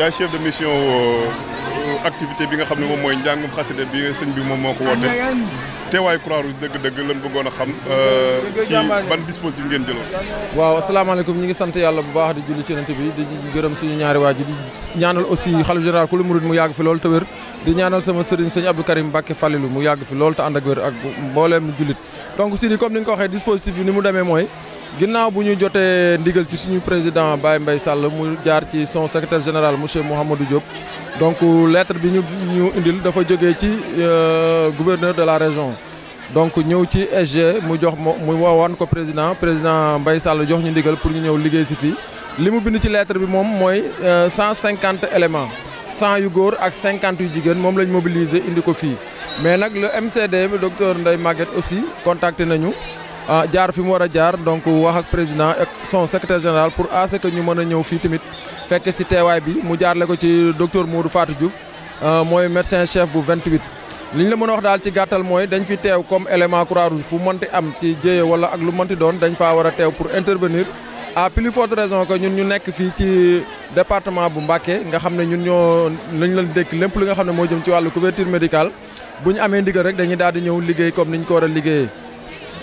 yaay chef de mission euh, activité bi nga xam ne moom mooy njàngum xasida bi sëñ bi moom moo ko woote teewaay Croix-Rouge dëgg-dëgg lan bëggoon a xam euh, ci ban dispositif ngeen jëloon waaw asalaamaaleykum ñi ngi sant yàlla bu baax di julli ci bi di gërëm suñu ñaari waaju di ñaanal aussi xalif général ku lu murid mu yàgg fi lool te wér di ñaanal sama sëriñ sëñ Abdou Karim Mbacke Fallilu mu yàgg fi loolu te ànd ak wér ak mbooleem jullit donc si di comme ni nga ko waxee dispositif bi ni mu demee mooy ginnaaw bu ñu jotee ndigal ci suñu président Baye Mbaye Sall mu jaar ci son secrétaire général monsieur Mouhamadou Diop donc lettre bi ñu ñu indil dafa jóge ci euh, gouverneur de la région donc ñëw ci SG mu jox ma mu woowaan ko président président mbay Sall jox ñu ndigal pour ñu ñëw liggéey si fii li mu bind ci lettre bi moom mooy euh, cent cinquante éléments cent yu góor ak cinquante yu jigéen moom lañ mobiliser indi ko fii mais nag le MCD docteur Ndeye Maguette aussi contacté nañu Ah, jaar fi mu war a jaar donc wax ak président ak son secrétaire général pour à ce que ñu mën a ñëw fii tamit fekk si teewaay bi mu jaarle ko ci docteur Modou Fatou Diouf ah, mooy médecin chef bu 28. li ñu la mën a wax daal ci gàttal mooy dañ fi teew comme élément Croix-Rouge fu mënti am ci jéye wala ak lu mënti doon dañ faa war a teew pour intervenir à plus forte raison que ñun ñu nekk fii ci département bu Mbacké nga xam ne ñun ñoo lañ leen dékk lépp li nga xam ne moo jëm ci wàllu couverture médicale bu ñu amee ndigal rek dañuy daal di ñëw liggéey comme ni ñu ko a liggéeyee.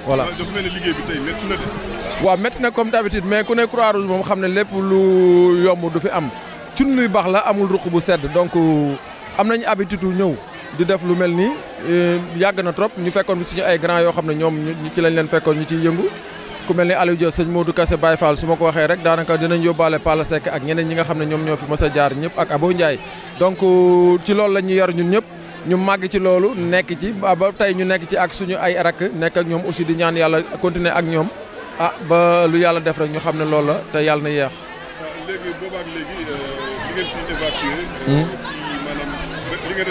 voilà dafa mel ni liggéey bi tey na comme d'habitude mais ku ne croix rouge moom xam ne lépp lu yomb du fi am cun luy baax la amul ruq bu sedd donc euh, am nañu habitude ñëw di def lu mel nii euh, yàgg na trop ñu fekkoon fi suñu ay grand yoo xam ne ñoom ñu ci lañ leen fekkoon ñu ciy yëngu ku mel ni Aliou Dia sëñ Modou kase baay faal su ma ko waxee rek daanaka dinañ yóbbaale Pala sekk ak ñeneen ñi nga xam ne ñoom ñoo fi mës a jaar ñëpp ak Abo Ndiaye donc euh, ci loolu la ñuy yar ñun ñëpp. ñu màgg ci loolu nekk ci ba tey ñu nekk ci ak suñu ay rakk nekk ak ñoom aussi di ñaan yàlla continuer ak ñoom ah ba lu yàlla def rek ñu xam ne loolu la te yàlla na yeex. léegi boobaak léegi euh, li ngeen fi évacué. Euh, hmm. ci hmm.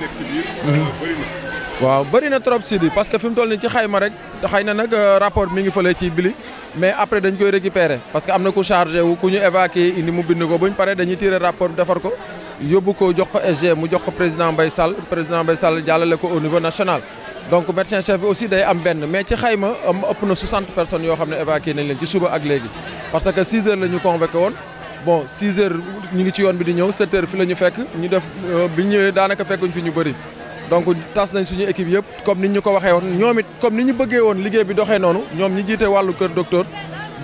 ne ci hmm. euh, waaw bëri trop Sidi parce que fi mu toll nii ci xayma rek xëy na nag rapport mi ngi fële ci bili mais après dañ koy récupérer parce que am na ku chargé wu ku ñu évacué indi mu bind ko bu ñu paree dañuy tirer rapport defar ko. yóbbu ko jox ko SG mu jox ko président bay Sall président bay Sall jàllale ko au niveau national donc médecin chef bi aussi day am benn mais ci xayma am ëpp na 60 personnes yoo xam ne évacué nañ leen ci suba ak léegi parce que 6 heures la ñu convoqué woon bon 6 heures ñu ngi ci yoon bi di ñëw 7 heures fi la ñu fekk ñu def euh, bi ñëwee daanaka fekkuñ fi ñu bëri donc tas nañ suñu équipe yëpp comme ni ñu ko waxee woon ñoomit it ni ñu bëggee woon liggéey bi doxee noonu ñoom ñi jiite wàllu kër docteur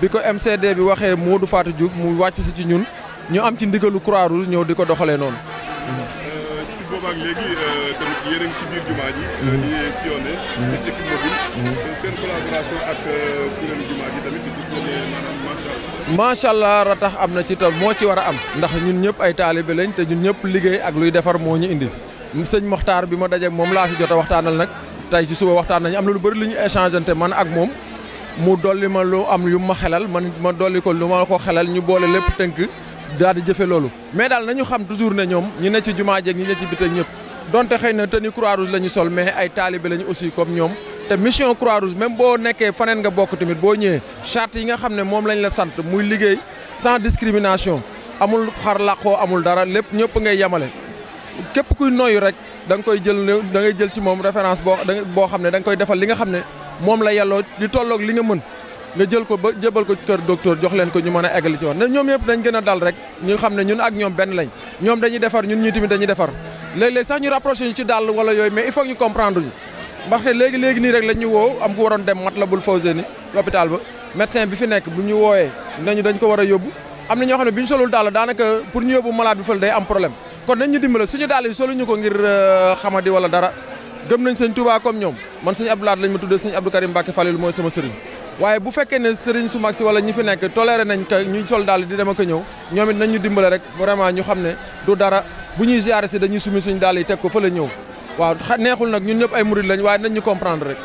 bi ko MCD bi waxee Modou Fatou Diouf mu wàcc si ci ñun ñu am ci ndigalu croix rouge ñëw di ko doxalee noonu. Euh, ci boobaak léegi euh, tamit yéen ci biir jumaa ji. di mm-hmm. sillonné. Mm-hmm. Mm-hmm. ak équipe euh, ak kuréelu jumaa ji tamit gis nañ ne maanaam macha allah. macha allah am na ci tam moo ci war a am. ndax ñun ñëpp ay taalibe lañ te ñun ñëpp liggéey ak luy defar moo ñu indi. sëñ Moxtaar bi ma dajeeg moom laa fi jot a waxtaanal nag tey ci suba waxtaan nañu am na lu bari lu ñu échangeante man ak moom mu dolli ma lu am yu ma xelal man ma dolli ko lu ma ko xelal ñu boole lépp tënk daal di jëfe loolu mais daal nañu xam toujours ne ñoom ñi ne ci jumaa jeeg ñi ne ci biti ñëpp donte xëy na tenue croix rouge la ñu sol mais ay taalibe lañu aussi comme ñoom te mission croix rouge même boo nekkee faneen nga bokk tamit boo ñëwee charte yi nga xam ne moom lañ la sant muy liggéey sans discrimination amul xar làqoo amul dara lépp ñëpp ngay yemale képp kuy noyyu rek da nga koy jël da ngay jël ci moom référence boo boo xam ne da koy defal li nga xam ne moom la yelloo di tolloog li nga mën nga jël ko ba jëbal ko kër docteur jox leen ko ñu mën a eggali ci wax ne ñoom yëpp dañ gën dal rek ñu xam ne ñun ak ñoom benn lañ ñoom dañuy defar ñun ñu tamit dañuy defar léeg-léeg sax ñu rapproché ñu ci dàll wala yooyu mais i faut ñu comprendre ñu ndaxte léegi léegi nii rek lañ ñu woo am ku waroon dem Matlaboul Fawzeyni ci hôpital ba médecin bi fi nekk bu ñu wooyee nañu dañ ko war a yóbbu am na ñoo xam ne bi ñu solul dàll daanaka pour ñu yóbbu malade bi fële problème kon nañ ñu dimbale suñu dàll yi soluñu ko ngir euh, xamadi wala dara gëm nañ sëñ Touba comme ñoom man sëñ Abdoulaye lañ ma tuddee sëñ Abdou Karim Mbacke mooy sama sëriñ waaye bu fekkee ne sëriñ su mag si wala ñi fi nekk toléré nañ ko ñu sol daal di dem ak ñëw ñoom it nañ ñu dimbale rek vraiment ñu xam ne du dara bu ñuy ziare si dañu sumi suñ daal yi teg ko fa la ñëw waaw neexul nag ñun ñëpp ay murid lañ waaye nañ ñu comprendre rek.